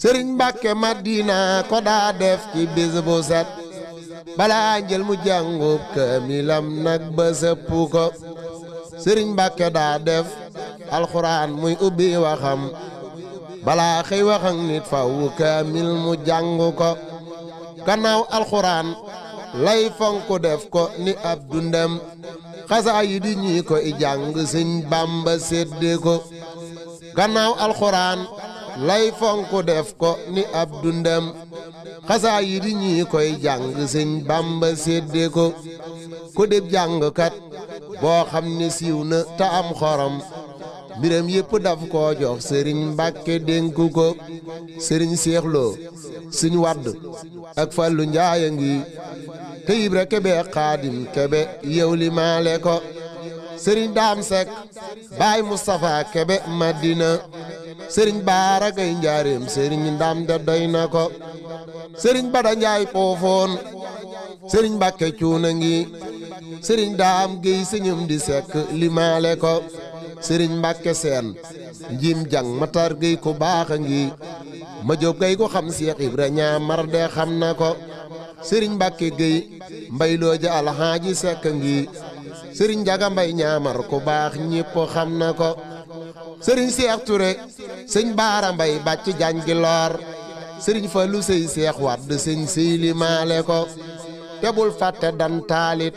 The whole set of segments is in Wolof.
sëriñ Mbàkke Madina ko daa def ci bis set balaa njël mu jàngub kaamilam nag ba sëpp ko sëriñ Mbàkke daa def alxuraan muy ubbi waxam balaa xëy wax ak nit faw mu jàng ko gannaaw alxuraan lay fonk def ko ni ab dundem xasaa yi di ñuy ko i jàng sëñ Bàmba sédde ko gannaaw alxuraan lay fonk def ko ni ab dundam xasaa yi di ñii koy jàng sëñ bàmba sédde ko ku dib jàngkat boo xam ne siiw na te am xorom mbiram yépp daf koo jox sëriñ mbàkke dénku ko sëriñ seexloo sëñ wadd ak fàllu njaay ngi te ibra kebe xaadim kebe yow li maale ko sëriñ daam sekk baay mustapha kebe madina sëriñ baara gay njaareem sëriñ ndam de doy na ko sëriñ bada njaay poofoon sëriñ mbàkke cuuna ngi sëriñ daam géy sëñum di sekk limaale ko sëriñ mbàkke seen njiim jang matar géy ku baax a ngi ma jóob gay ko xam seex ibra ñaa mar de xam na ko sëriñ mbàkke géy mbaylooja alxaaji sekk ngi sëriñ jaga mbay ñaamar ku baax ñépp xam na ko sëriñ seex ture sëñ baara mbay bàcc jaañ gi loor sëriñ fa lu sëy seex wadd sëñ sëy maale ko tebul fàtte dan taalit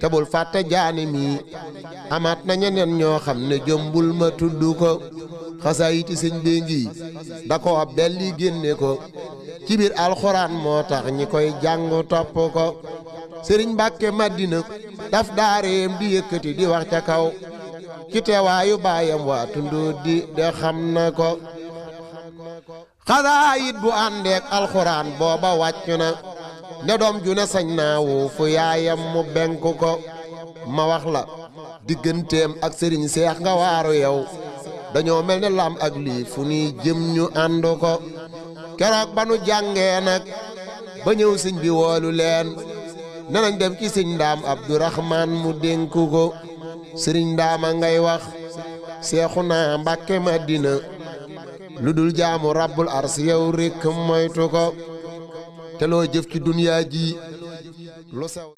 tebul jaani mi amaat na ñeneen ñoo xam ne jëmbul ma tudd ko xasaayiti sëñ bee da ko belli génne ko ci biir alxuraan moo tax ñi koy jàng topp ko sëriñ mbàkke madina daf daareem di yëkkati di wax ca kaw ci teewaayu baayam waa tundóo di de xam na ko xasaayit bu àndeek alxuraan booba wàcc na ne doom ju ne sañ naa woo fu yaayam mu benku ko ma wax la digganteem ak sëriñ seex nga waaru yow dañoo mel ne lam ak lii fu nuy jëm ñu ànd ko keroog ba nu jàngee nag ba ñëw sëñ bi woolu leen ne nañ ci sëñ ndaam abdourahman mu dénku ko sëriñ daama ngay wax seexu naa mbàkke madina lu dul jaamu rabbul ars yow rekk moytu ko te loo jëf ci duniyaa ji lu sew